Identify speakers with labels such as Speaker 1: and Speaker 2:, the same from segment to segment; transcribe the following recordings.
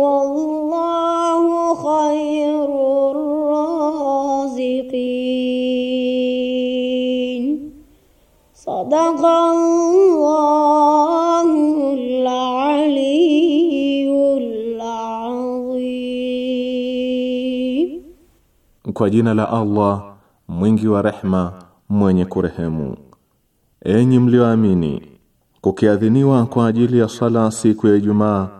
Speaker 1: wallahu khairur raziqin. Sadaqallahul aliyyul azim.
Speaker 2: Kwa jina la Allah mwingi wa rehma mwenye kurehemu. Enyi mlioamini, kukiadhiniwa kwa ajili ya sala siku ya Ijumaa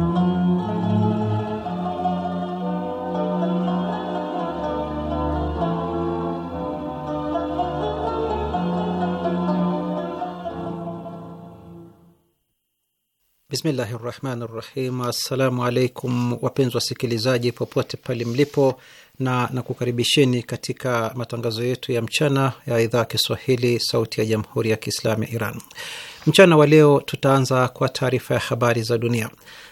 Speaker 3: Bismillahi rahmani rahim. Assalamu alaikum wapenzi wasikilizaji popote pale mlipo, na nakukaribisheni katika matangazo yetu ya mchana ya idhaa ya Kiswahili sauti ya jamhuri ya Kiislamu ya Iran. Mchana wa leo tutaanza kwa taarifa ya habari za dunia.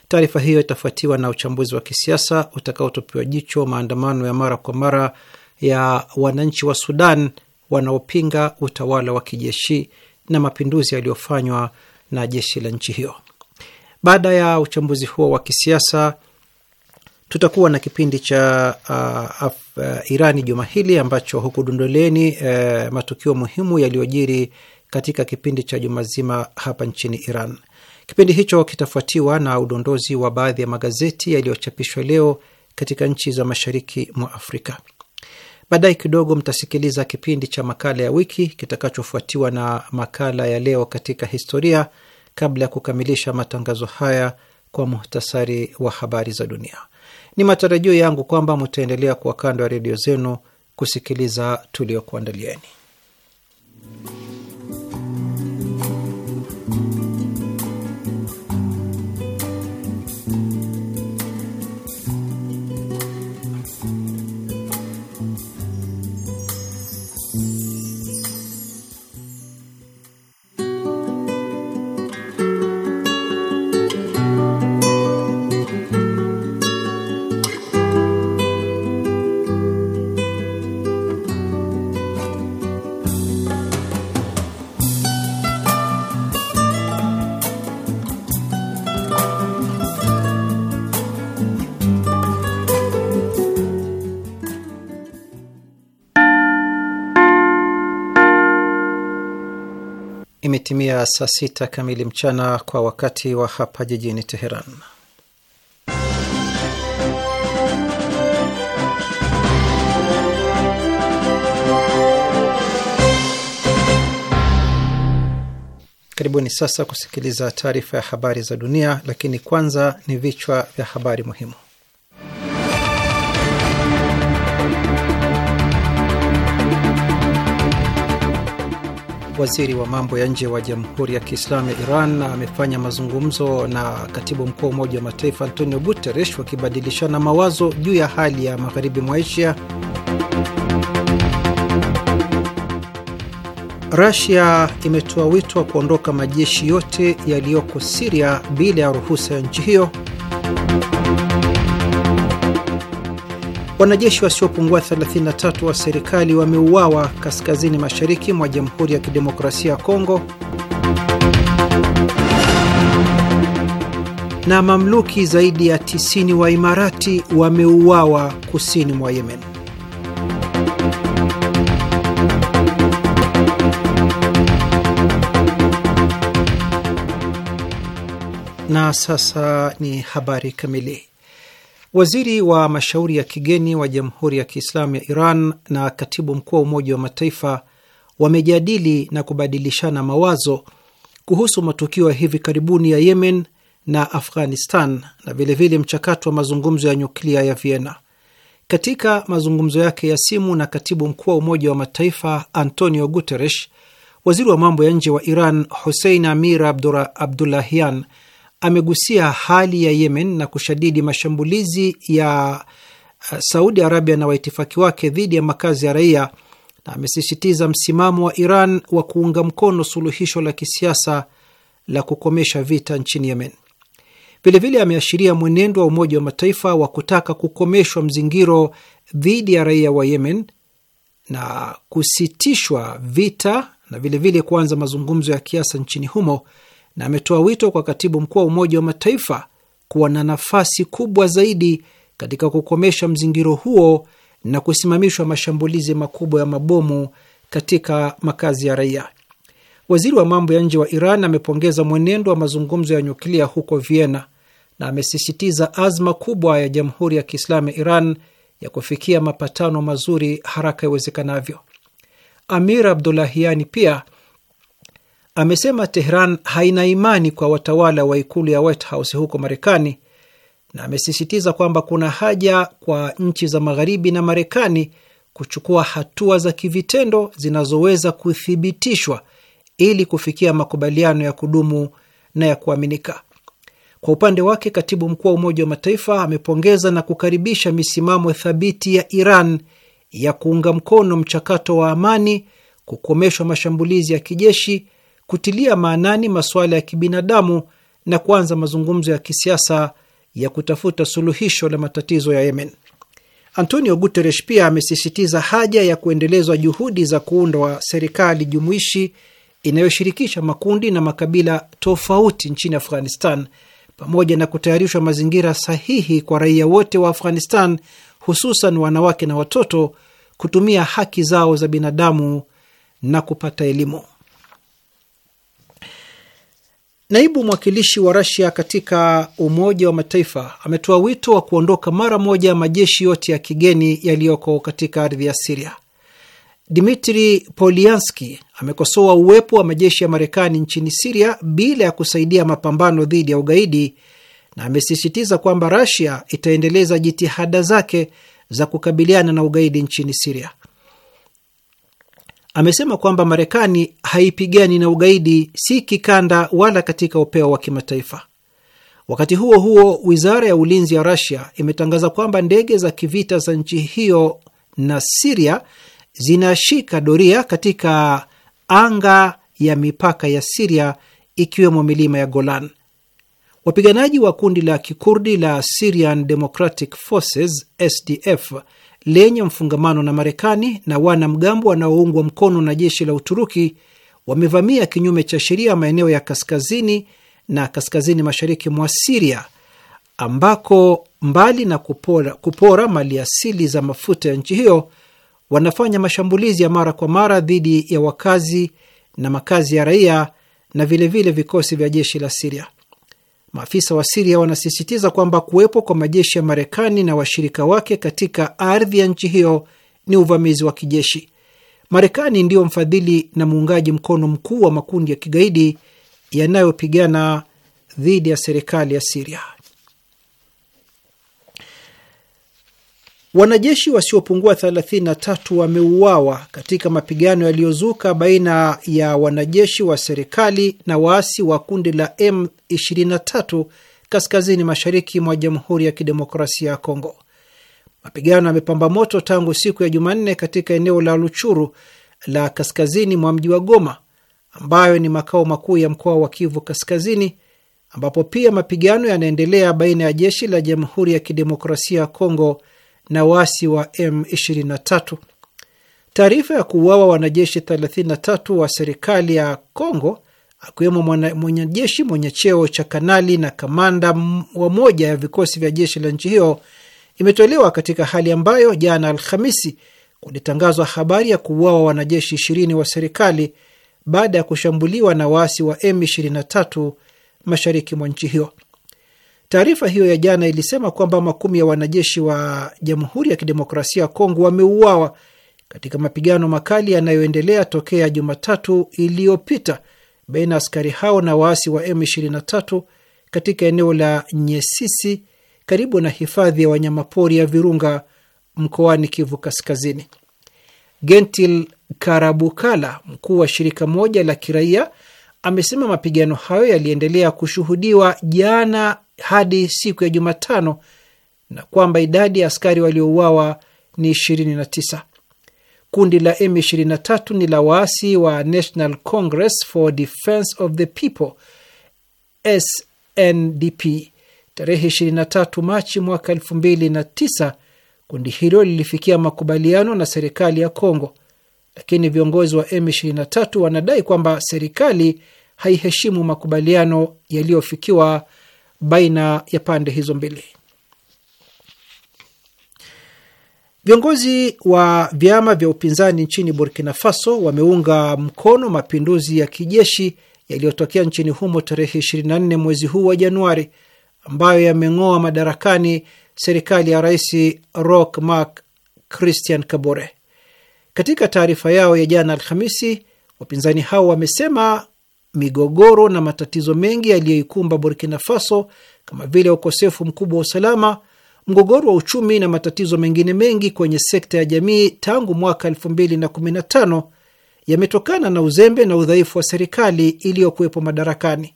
Speaker 3: Taarifa hiyo itafuatiwa na uchambuzi wa kisiasa utakaotupiwa jicho maandamano ya mara kwa mara ya wananchi wa Sudan wanaopinga utawala wa kijeshi na mapinduzi yaliyofanywa na jeshi la nchi hiyo. Baada ya uchambuzi huo wa kisiasa, tutakuwa na kipindi cha uh, af, uh, Irani juma hili ambacho hukudondoleni uh, matukio muhimu yaliyojiri katika kipindi cha juma zima hapa nchini Iran. Kipindi hicho kitafuatiwa na udondozi wa baadhi ya magazeti yaliyochapishwa leo katika nchi za mashariki mwa Afrika. Baadaye kidogo mtasikiliza kipindi cha makala ya wiki kitakachofuatiwa na makala ya leo katika historia kabla ya kukamilisha matangazo haya kwa muhtasari wa habari za dunia. Ni matarajio yangu kwamba mutaendelea kuwa kando ya redio zenu kusikiliza tuliokuandalieni. imetimia saa sita kamili mchana kwa wakati wa hapa jijini Teheran. Karibuni sasa kusikiliza taarifa ya habari za dunia, lakini kwanza ni vichwa vya habari muhimu. waziri wa mambo ya nje wa Jamhuri ya Kiislamu ya Iran amefanya mazungumzo na katibu mkuu wa Umoja wa Mataifa Antonio Guterres, wakibadilishana mawazo juu ya hali ya magharibi mwa Asia. Rasia imetoa wito wa kuondoka majeshi yote yaliyoko Siria bila ya ruhusa ya nchi hiyo. Wanajeshi wasiopungua 33 wa serikali wameuawa kaskazini mashariki mwa Jamhuri ya Kidemokrasia ya Kongo, na mamluki zaidi ya 90 wa Imarati wameuawa kusini mwa Yemen. Na sasa ni habari kamili. Waziri wa mashauri ya kigeni wa Jamhuri ya Kiislamu ya Iran na katibu mkuu wa Umoja wa Mataifa wamejadili na kubadilishana mawazo kuhusu matukio ya hivi karibuni ya Yemen na Afghanistan na vilevile mchakato wa mazungumzo ya nyuklia ya Vienna. Katika mazungumzo yake ya simu na katibu mkuu wa Umoja wa Mataifa Antonio Guterres, waziri wa mambo ya nje wa Iran Hussein Amir Abdulahian amegusia hali ya Yemen na kushadidi mashambulizi ya uh, Saudi Arabia na waitifaki wake dhidi ya makazi ya raia na amesisitiza msimamo wa Iran wa kuunga mkono suluhisho la kisiasa la kukomesha vita nchini Yemen. Vilevile ameashiria mwenendo wa Umoja wa Mataifa wa kutaka kukomeshwa mzingiro dhidi ya raia wa Yemen na kusitishwa vita na vilevile kuanza mazungumzo ya kiasa nchini humo na ametoa wito kwa katibu mkuu wa Umoja wa Mataifa kuwa na nafasi kubwa zaidi katika kukomesha mzingiro huo na kusimamishwa mashambulizi makubwa ya mabomu katika makazi ya raia. Waziri wa mambo ya nje wa Iran amepongeza mwenendo wa mazungumzo ya nyuklia huko Vienna na amesisitiza azma kubwa ya Jamhuri ya Kiislamu ya Iran ya kufikia mapatano mazuri haraka iwezekanavyo. Amir Abdulahiani pia amesema Tehran haina imani kwa watawala wa ikulu ya White House huko Marekani, na amesisitiza kwamba kuna haja kwa nchi za Magharibi na Marekani kuchukua hatua za kivitendo zinazoweza kuthibitishwa ili kufikia makubaliano ya kudumu na ya kuaminika. Kwa upande wake, katibu mkuu wa Umoja wa Mataifa amepongeza na kukaribisha misimamo thabiti ya Iran ya kuunga mkono mchakato wa amani, kukomeshwa mashambulizi ya kijeshi kutilia maanani masuala ya kibinadamu na kuanza mazungumzo ya kisiasa ya kutafuta suluhisho la matatizo ya Yemen. Antonio Guterres pia amesisitiza haja ya kuendelezwa juhudi za kuundwa serikali jumuishi inayoshirikisha makundi na makabila tofauti nchini Afghanistan pamoja na kutayarishwa mazingira sahihi kwa raia wote wa Afghanistan, hususan wanawake na watoto, kutumia haki zao za binadamu na kupata elimu. Naibu mwakilishi wa Rasia katika Umoja wa Mataifa ametoa wito wa kuondoka mara moja majeshi yote ya kigeni yaliyoko katika ardhi ya Siria. Dmitri Polianski amekosoa uwepo wa majeshi ya Marekani nchini Siria bila ya kusaidia mapambano dhidi ya ugaidi na amesisitiza kwamba Rasia itaendeleza jitihada zake za kukabiliana na ugaidi nchini Siria amesema kwamba Marekani haipigani na ugaidi, si kikanda wala katika upeo wa kimataifa. Wakati huo huo, wizara ya ulinzi ya rasia imetangaza kwamba ndege za kivita za nchi hiyo na Siria zinashika doria katika anga ya mipaka ya Siria ikiwemo milima ya Golan. Wapiganaji wa kundi la kikurdi la Syrian Democratic Forces SDF lenye mfungamano na Marekani na wanamgambo wanaoungwa mkono na jeshi la Uturuki wamevamia kinyume cha sheria maeneo ya kaskazini na kaskazini mashariki mwa Siria ambako mbali na kupora, kupora mali asili za mafuta ya nchi hiyo wanafanya mashambulizi ya mara kwa mara dhidi ya wakazi na makazi ya raia na vilevile vile vikosi vya jeshi la Siria. Maafisa wa Siria wanasisitiza kwamba kuwepo kwa majeshi ya Marekani na washirika wake katika ardhi ya nchi hiyo ni uvamizi wa kijeshi. Marekani ndiyo mfadhili na muungaji mkono mkuu wa makundi ya kigaidi yanayopigana dhidi ya serikali ya Siria. Wanajeshi wasiopungua 33 wameuawa katika mapigano yaliyozuka baina ya wanajeshi wa serikali na waasi wa kundi la M23 kaskazini mashariki mwa Jamhuri ya Kidemokrasia ya Kongo. Mapigano yamepamba moto tangu siku ya Jumanne katika eneo la Luchuru la kaskazini mwa mji wa Goma, ambayo ni makao makuu ya mkoa wa Kivu Kaskazini, ambapo pia mapigano yanaendelea baina ya jeshi la Jamhuri ya Kidemokrasia ya Kongo na waasi wa M23. Taarifa ya kuuawa wanajeshi 33 wa serikali ya Kongo, akiwemo mwanajeshi mwenye cheo cha kanali na kamanda wa moja ya vikosi vya jeshi la nchi hiyo imetolewa katika hali ambayo jana Alhamisi kulitangazwa habari ya kuuawa wanajeshi 20 wa serikali baada ya kushambuliwa na waasi wa M23 mashariki mwa nchi hiyo. Taarifa hiyo ya jana ilisema kwamba makumi ya wanajeshi wa Jamhuri ya Kidemokrasia ya Kongo wameuawa katika mapigano makali yanayoendelea tokea Jumatatu iliyopita baina ya askari hao na waasi wa M23 katika eneo la Nyesisi karibu na hifadhi ya wanyamapori ya Virunga mkoani Kivu Kaskazini. Gentil Karabukala, mkuu wa shirika moja la kiraia, amesema mapigano hayo yaliendelea kushuhudiwa jana hadi siku ya Jumatano na kwamba idadi ya askari waliouawa ni 29. Kundi la M23 ni la waasi wa National Congress for Defense of the People SNDP. Tarehe 23 Machi mwaka 2009 kundi hilo lilifikia makubaliano na serikali ya congo lakini viongozi wa M23 wanadai kwamba serikali haiheshimu makubaliano yaliyofikiwa baina ya pande hizo mbili. Viongozi wa vyama vya upinzani nchini Burkina Faso wameunga mkono mapinduzi ya kijeshi yaliyotokea nchini humo tarehe 24 mwezi huu wa Januari, ambayo yameng'oa madarakani serikali ya Rais Roch Marc Christian Kabore. Katika taarifa yao ya jana Alhamisi, wapinzani hao wamesema migogoro na matatizo mengi yaliyoikumba Burkina Faso kama vile ukosefu mkubwa wa usalama, mgogoro wa uchumi na matatizo mengine mengi kwenye sekta ya jamii tangu mwaka 2015 yametokana na uzembe na udhaifu wa serikali iliyokuwepo madarakani.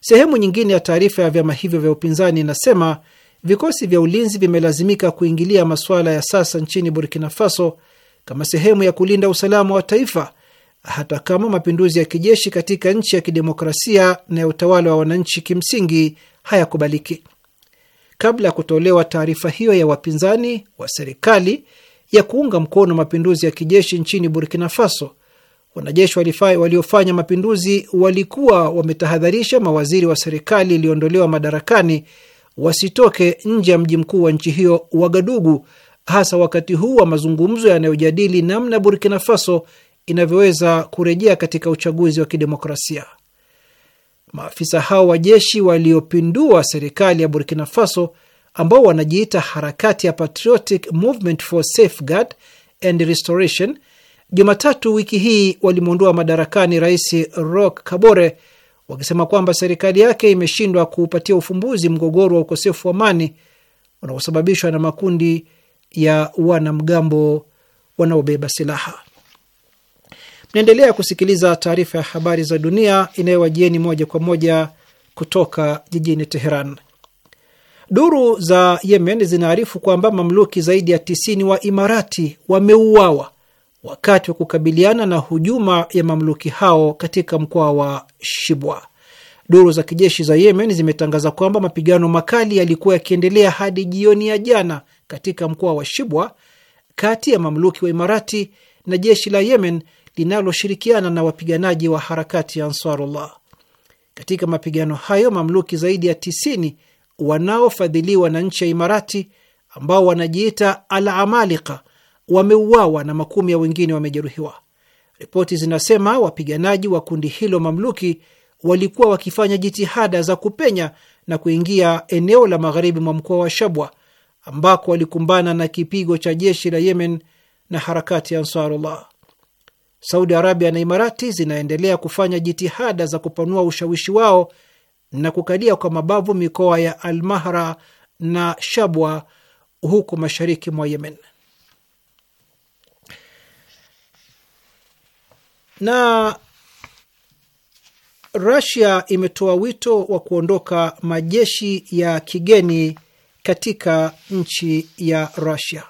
Speaker 3: Sehemu nyingine ya taarifa ya vyama hivyo vya upinzani inasema vikosi vya ulinzi vimelazimika kuingilia masuala ya sasa nchini Burkina Faso kama sehemu ya kulinda usalama wa taifa hata kama mapinduzi ya kijeshi katika nchi ya kidemokrasia na ya utawala wa wananchi kimsingi hayakubaliki. Kabla ya kutolewa taarifa hiyo ya wapinzani wa serikali ya kuunga mkono mapinduzi ya kijeshi nchini Burkina Faso, wanajeshi waliofanya mapinduzi walikuwa wametahadharisha mawaziri wa serikali iliyoondolewa madarakani wasitoke nje ya mji mkuu wa nchi hiyo Wagadugu, hasa wakati huu wa mazungumzo yanayojadili namna Burkina Faso inavyoweza kurejea katika uchaguzi wa kidemokrasia. Maafisa hao wa jeshi waliopindua serikali ya Burkina Faso ambao wanajiita harakati ya Patriotic Movement for Safeguard and Restoration, Jumatatu wiki hii walimwondoa madarakani Rais Roch Kabore wakisema kwamba serikali yake imeshindwa kuupatia ufumbuzi mgogoro wa ukosefu wa amani unaosababishwa na makundi ya wanamgambo wanaobeba silaha naendelea kusikiliza taarifa ya habari za dunia inayowajieni moja kwa moja kutoka jijini Teheran. Duru za Yemen zinaarifu kwamba mamluki zaidi ya tisini wa Imarati wameuawa wakati wa kukabiliana na hujuma ya mamluki hao katika mkoa wa Shibwa. Duru za kijeshi za Yemen zimetangaza kwamba mapigano makali yalikuwa yakiendelea hadi jioni ya jana katika mkoa wa Shibwa kati ya mamluki wa Imarati na jeshi la Yemen linaloshirikiana na wapiganaji wa harakati ya Ansarullah. Katika mapigano hayo mamluki zaidi ya 90 wanaofadhiliwa na nchi ya Imarati ambao wanajiita Al Amalika wameuawa na makumi ya wengine wamejeruhiwa. Ripoti zinasema wapiganaji wa kundi hilo mamluki walikuwa wakifanya jitihada za kupenya na kuingia eneo la magharibi mwa mkoa wa Shabwa ambako walikumbana na kipigo cha jeshi la Yemen na harakati ya Ansarullah. Saudi Arabia na Imarati zinaendelea kufanya jitihada za kupanua ushawishi wao na kukalia kwa mabavu mikoa ya Almahra na Shabwa huko mashariki mwa Yemen. Na Russia imetoa wito wa kuondoka majeshi ya kigeni katika nchi ya Russia.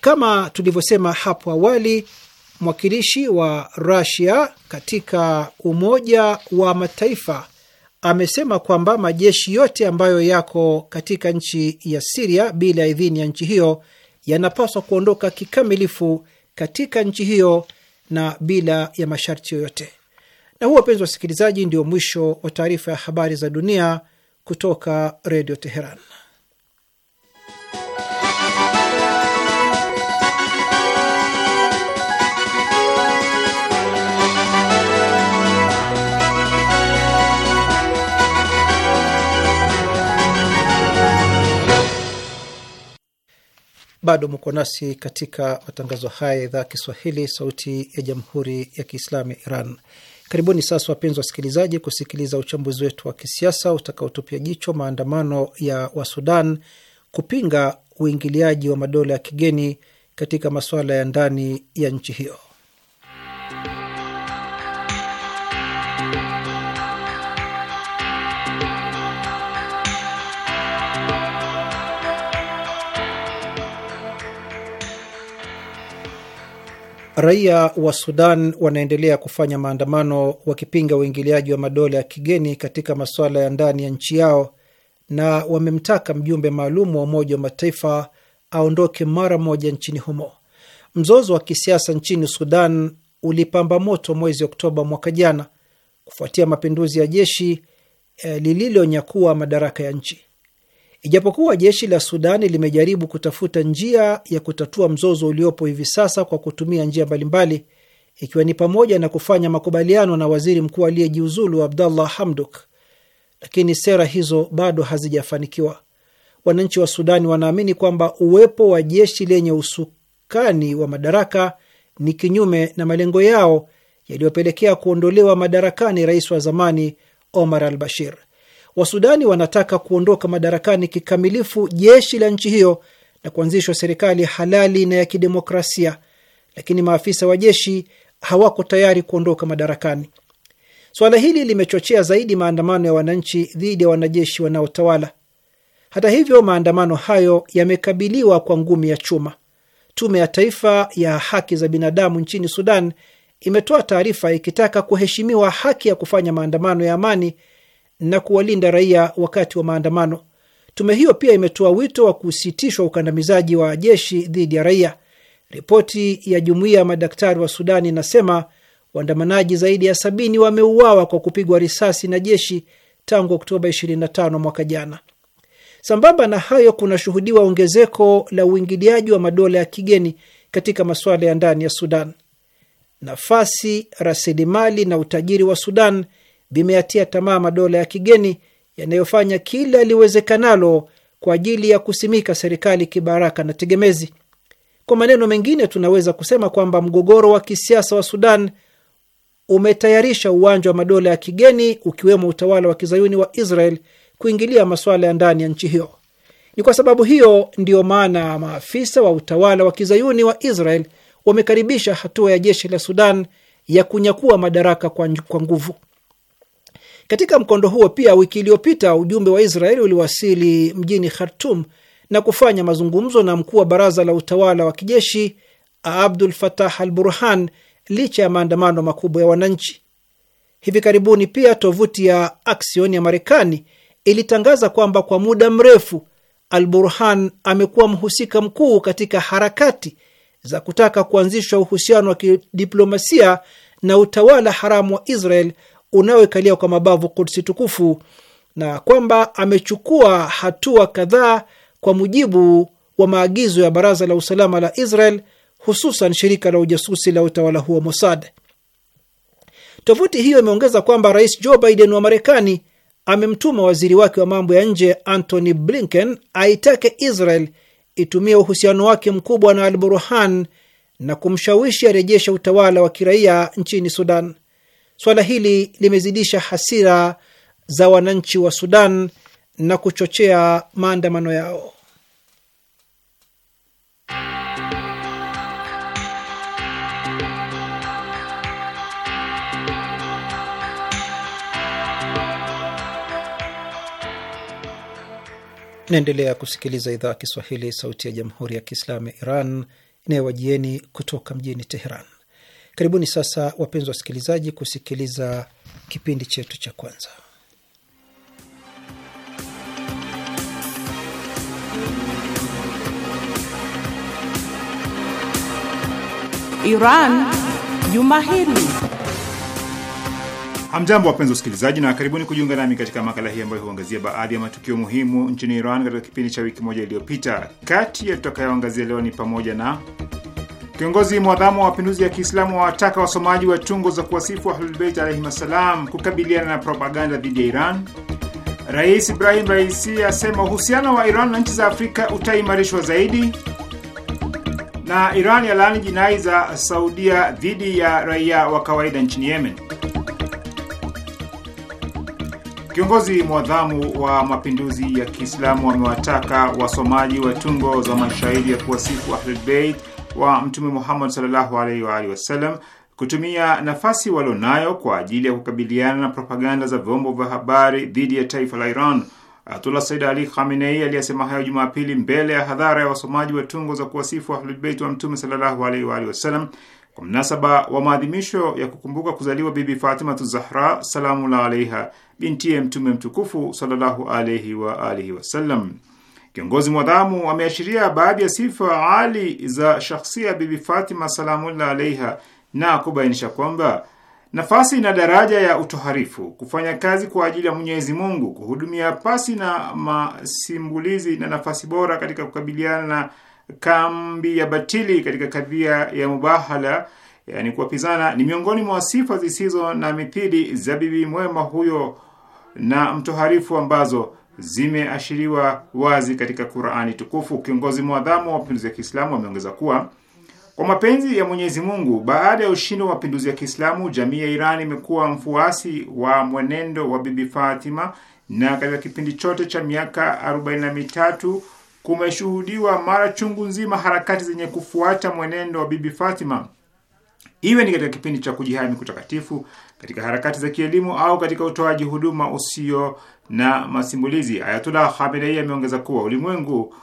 Speaker 3: Kama tulivyosema hapo awali, mwakilishi wa rasia katika Umoja wa Mataifa amesema kwamba majeshi yote ambayo yako katika nchi ya Siria bila idhini ya nchi hiyo yanapaswa kuondoka kikamilifu katika nchi hiyo na bila ya masharti yoyote. Na huu, wapenzi wasikilizaji, ndio mwisho wa taarifa ya habari za dunia kutoka Redio Teheran. Bado mko nasi katika matangazo haya ya idhaa ya Kiswahili, sauti ya jamhuri ya kiislamu ya Iran. Karibuni sasa wapenzi wasikilizaji, kusikiliza uchambuzi wetu wa kisiasa utakaotupia jicho maandamano ya Wasudan kupinga uingiliaji wa madola ya kigeni katika masuala ya ndani ya nchi hiyo. Raia wa Sudan wanaendelea kufanya maandamano wakipinga uingiliaji wa madola ya kigeni katika masuala ya ndani ya nchi yao na wamemtaka mjumbe maalum wa Umoja wa Mataifa aondoke mara moja nchini humo. Mzozo wa kisiasa nchini Sudan ulipamba moto mwezi Oktoba mwaka jana kufuatia mapinduzi ya jeshi eh, lililonyakua madaraka ya nchi. Ijapokuwa jeshi la Sudani limejaribu kutafuta njia ya kutatua mzozo uliopo hivi sasa kwa kutumia njia mbalimbali, ikiwa ni pamoja na kufanya makubaliano na waziri mkuu aliyejiuzulu Abdallah Hamdok, lakini sera hizo bado hazijafanikiwa. Wananchi wa Sudani wanaamini kwamba uwepo wa jeshi lenye usukani wa madaraka ni kinyume na malengo yao yaliyopelekea kuondolewa madarakani rais wa zamani Omar al Bashir. Wasudani wanataka kuondoka madarakani kikamilifu jeshi la nchi hiyo na kuanzishwa serikali halali na ya kidemokrasia, lakini maafisa wa jeshi hawako tayari kuondoka madarakani. Suala hili limechochea zaidi maandamano ya wananchi dhidi ya wanajeshi wanaotawala. Hata hivyo, maandamano hayo yamekabiliwa kwa ngumi ya chuma. Tume ya Taifa ya Haki za Binadamu nchini Sudan imetoa taarifa ikitaka kuheshimiwa haki ya kufanya maandamano ya amani na kuwalinda raia wakati wa maandamano. Tume hiyo pia imetoa wito wa kusitishwa ukandamizaji wa jeshi dhidi ya raia. Ripoti ya jumuiya ya madaktari wa Sudani inasema waandamanaji zaidi ya sabini wameuawa kwa kupigwa risasi na jeshi tangu Oktoba 25 mwaka jana. Sambamba na hayo, kunashuhudiwa ongezeko la uingiliaji wa madola ya kigeni katika masuala ya ndani ya Sudan. Nafasi, rasilimali na utajiri wa Sudan vimeatia tamaa madola ya kigeni yanayofanya kila liwezekanalo kwa ajili ya kusimika serikali kibaraka na tegemezi. Kwa maneno mengine, tunaweza kusema kwamba mgogoro wa kisiasa wa Sudan umetayarisha uwanja wa madola ya kigeni ukiwemo utawala wa kizayuni wa Israel kuingilia masuala ya ndani ya nchi hiyo. Ni kwa sababu hiyo ndiyo maana maafisa wa utawala wa kizayuni wa Israel wamekaribisha hatua ya jeshi la Sudan ya kunyakua madaraka kwa nguvu. Katika mkondo huo pia, wiki iliyopita ujumbe wa Israeli uliwasili mjini Khartum na kufanya mazungumzo na mkuu wa baraza la utawala wa kijeshi Abdul Fatah al Burhan licha ya maandamano makubwa ya wananchi. Hivi karibuni pia tovuti ya Axion ya Marekani ilitangaza kwamba kwa muda mrefu al Burhan amekuwa mhusika mkuu katika harakati za kutaka kuanzishwa uhusiano wa kidiplomasia na utawala haramu wa Israel unaoikalia kwa mabavu Kudsi tukufu na kwamba amechukua hatua kadhaa kwa mujibu wa maagizo ya Baraza la Usalama la Israel, hususan shirika la ujasusi la utawala huo Mossad. Tovuti hiyo imeongeza kwamba Rais Joe Biden wa Marekani amemtuma waziri wake wa mambo ya nje Antony Blinken aitake Israel itumie uhusiano wake mkubwa na Al Burhan na kumshawishi arejeshe utawala wa kiraia nchini Sudan. Suala hili limezidisha hasira za wananchi wa Sudan na kuchochea maandamano yao. Naendelea kusikiliza idhaa ya Kiswahili, sauti ya jamhuri ya kiislamu ya Iran inayowajieni kutoka mjini Teheran. Karibuni sasa, wapenzi wasikilizaji, kusikiliza kipindi chetu cha kwanza.
Speaker 4: Iran Juma Hili. Hamjambo wapenzi wasikilizaji, na karibuni kujiunga nami katika makala hii ambayo huangazia baadhi ya matukio muhimu nchini Iran katika kipindi cha wiki moja iliyopita. Kati ya tutakayoangazia leo ni pamoja na Kiongozi mwadhamu wa mapinduzi ya Kiislamu wawataka wasomaji wa tungo za kuwasifu Ahlulbeit alaihim assalam kukabiliana na propaganda dhidi ya Iran. Rais Ibrahim Raisi asema uhusiano wa Iran na nchi za Afrika utaimarishwa zaidi, na Iran yalaani jinai za Saudia dhidi ya raia wa kawaida nchini Yemen. Kiongozi mwadhamu wa mapinduzi ya Kiislamu wamewataka wasomaji wa tungo za mashairi ya kuwasifu Ahlulbeit wa Mtume Muhammad sallallahu alaihi wa alihi wasallam kutumia nafasi walionayo kwa ajili ya kukabiliana na propaganda za vyombo vya habari dhidi ya taifa la Iran. Ayatullah Said Ali Khamenei aliyesema hayo Jumapili mbele ya hadhara ya wasomaji wa tungo za kuwasifu Ahlulbeit wa Mtume sallallahu alaihi wa alihi wasallam kwa mnasaba wa maadhimisho ya kukumbuka kuzaliwa Bibi Fatimatu Zahra salamullah alaiha, binti Mtume mtukufu sallallahu alaihi wa alihi wasallam. Kiongozi mwadhamu ameashiria baadhi ya sifa ali za shakhsia Bibi Fatima salamullah alaiha na kubainisha kwamba nafasi na daraja ya utoharifu, kufanya kazi kwa ajili ya Mwenyezi Mungu, kuhudumia pasi na masimbulizi, na nafasi bora katika kukabiliana na kambi ya batili katika kadhia ya mubahala, yani kuwapizana, ni miongoni mwa sifa zisizo na mithili za bibi mwema huyo na mtoharifu ambazo zimeashiriwa wazi katika Qurani Tukufu. Kiongozi mwadhamu wa mapinduzi ya Kiislamu ameongeza kuwa kwa mapenzi ya Mwenyezi Mungu, baada ya ushindi wa mapinduzi ya Kiislamu, jamii ya Iran imekuwa mfuasi wa mwenendo wa Bibi Fatima, na katika kipindi chote cha miaka 43 na mitatu kumeshuhudiwa mara chungu nzima harakati zenye kufuata mwenendo wa Bibi Fatima, iwe ni katika kipindi cha kujihami kutakatifu katika harakati za kielimu au katika utoaji huduma usio na masimulizi. Ayatullah Khamenei ameongeza kuwa ulimwengu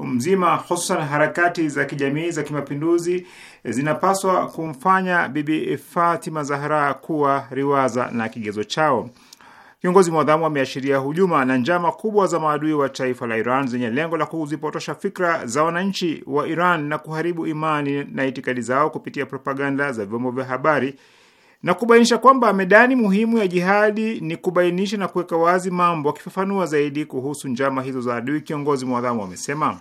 Speaker 4: mzima hususan harakati za kijamii za kimapinduzi zinapaswa kumfanya Bibi Fatima Zahra kuwa riwaza na kigezo chao. Kiongozi mwadhamu ameashiria hujuma na njama kubwa za maadui wa taifa la Iran zenye lengo la kuzipotosha fikra za wananchi wa Iran na kuharibu imani na itikadi zao kupitia propaganda za vyombo vya habari na kubainisha kwamba medani muhimu ya jihadi ni kubainisha na kuweka wazi mambo. Akifafanua zaidi kuhusu njama hizo za adui, kiongozi mwadhamu amesema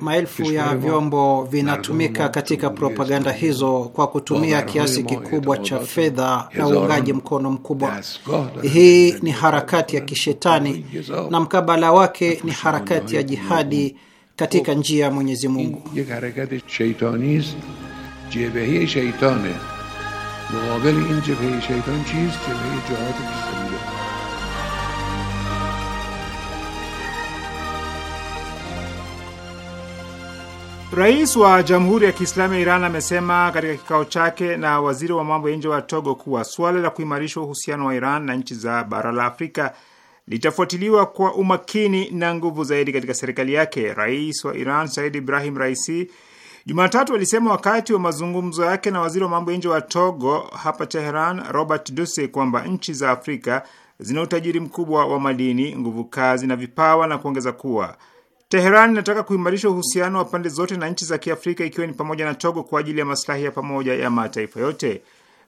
Speaker 4: maelfu ya
Speaker 3: vyombo vinatumika katika propaganda hizo kwa kutumia kiasi kikubwa cha fedha na uungaji mkono mkubwa. Hii ni harakati ya kishetani na mkabala wake ni harakati ya jihadi katika oh. njia ya Mwenyezi Mungu.
Speaker 4: Rais wa Jamhuri ya Kiislamu ya Iran amesema katika kikao chake na waziri wa mambo ya nje wa Togo kuwa suala la kuimarisha uhusiano wa Iran na nchi za bara la Afrika litafuatiliwa kwa umakini na nguvu zaidi katika serikali yake. Rais wa Iran Said Ibrahim Raisi Jumatatu alisema wakati wa mazungumzo yake na waziri wa mambo ya nje wa Togo hapa Teheran, Robert Duce, kwamba nchi za Afrika zina utajiri mkubwa wa madini, nguvu kazi na vipawa, na kuongeza kuwa Teheran inataka kuimarisha uhusiano wa pande zote na nchi za Kiafrika, ikiwa ni pamoja na Togo, kwa ajili ya maslahi ya pamoja ya mataifa yote.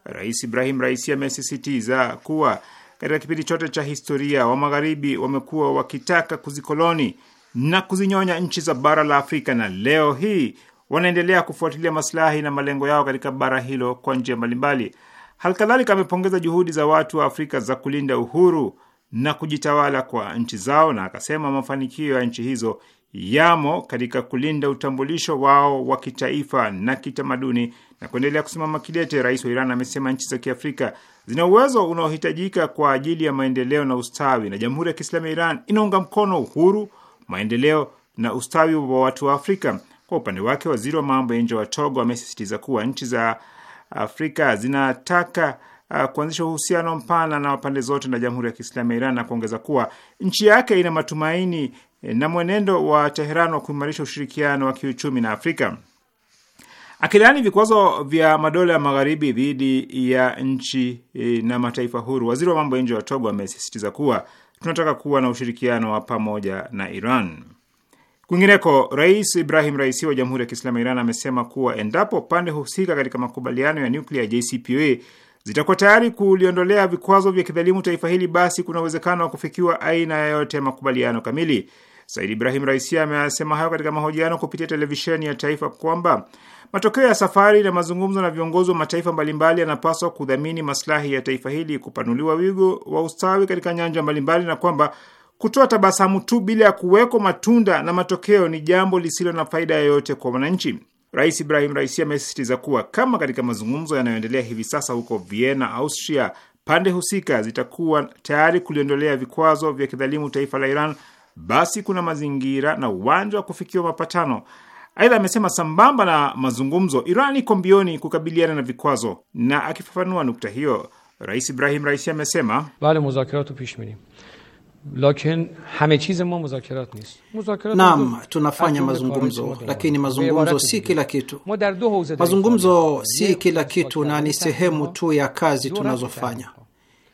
Speaker 4: Rais Ibrahim Raisi amesisitiza kuwa katika kipindi chote cha historia wa magharibi wamekuwa wakitaka kuzikoloni na kuzinyonya nchi za bara la Afrika, na leo hii wanaendelea kufuatilia masilahi na malengo yao katika bara hilo kwa njia mbalimbali. Halikadhalika, amepongeza juhudi za watu wa Afrika za kulinda uhuru na kujitawala kwa nchi zao, na akasema mafanikio ya nchi hizo yamo katika kulinda utambulisho wao wa kitaifa na kitamaduni na kuendelea kusimama kidete. Rais wa Iran amesema nchi za Kiafrika zina uwezo unaohitajika kwa ajili ya maendeleo na ustawi, na Jamhuri ya Kiislamu ya Iran inaunga mkono uhuru, maendeleo na ustawi wa watu wa Afrika. Kwa upande wake, waziri wa mambo ya nje wa Togo amesisitiza kuwa nchi za Afrika zinataka uh, kuanzisha uhusiano mpana na pande zote na Jamhuri ya Kiislamu ya Iran na kuongeza kuwa nchi yake ina matumaini na mwenendo wa Teheran wa kuimarisha ushirikiano wa kiuchumi na Afrika. Akilaani vikwazo vya madola ya magharibi dhidi ya nchi e, na mataifa huru, waziri wa mambo ya nje wa Togo amesisitiza kuwa tunataka kuwa na ushirikiano wa pamoja na Iran. Kwingineko, Rais Ibrahim Raisi wa Jamhuri ya Kiislamu ya Iran amesema kuwa endapo pande husika katika makubaliano ya nyuklia JCPOA zitakuwa tayari kuliondolea vikwazo vya kidhalimu taifa hili, basi kuna uwezekano wa kufikiwa aina yoyote ya makubaliano kamili. Said Ibrahim Raisi amesema hayo katika mahojiano kupitia televisheni ya taifa kwamba matokeo ya safari na mazungumzo na viongozi wa mataifa mbalimbali yanapaswa kudhamini maslahi ya taifa hili, kupanuliwa wigo wa ustawi katika nyanja mbalimbali, na kwamba kutoa tabasamu tu bila ya kuwekwa matunda na matokeo ni jambo lisilo na faida yoyote kwa wananchi. Rais Ibrahim Raisi amesisitiza kuwa kama katika mazungumzo yanayoendelea hivi sasa huko Vienna, Austria, pande husika zitakuwa tayari kuliondolea vikwazo vya kidhalimu taifa la Iran basi kuna mazingira na uwanja wa kufikiwa mapatano. Aidha amesema sambamba na mazungumzo, Iran iko mbioni kukabiliana na vikwazo. Na akifafanua nukta hiyo, Rais Ibrahim Raisi amesema
Speaker 1: bale muzakaratu pish mirim Lakin hame chize mo muzakarat nis.
Speaker 4: nam, tunafanya mazungumzo, lakini mazungumzo
Speaker 3: si kila kitu. Mazungumzo si kila kitu na ni sehemu tu ya kazi tunazofanya.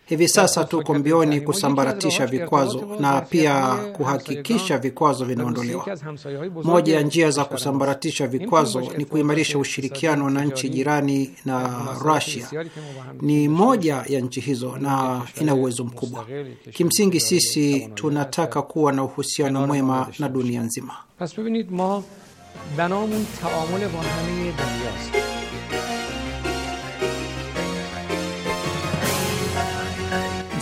Speaker 3: Hivi sasa tuko mbioni kusambaratisha vikwazo na pia kuhakikisha vikwazo vinaondolewa. Moja ya njia za kusambaratisha vikwazo ni kuimarisha ushirikiano na nchi jirani, na rasia ni moja ya nchi hizo na ina uwezo mkubwa. Kimsingi sisi tunataka kuwa na uhusiano mwema na dunia nzima.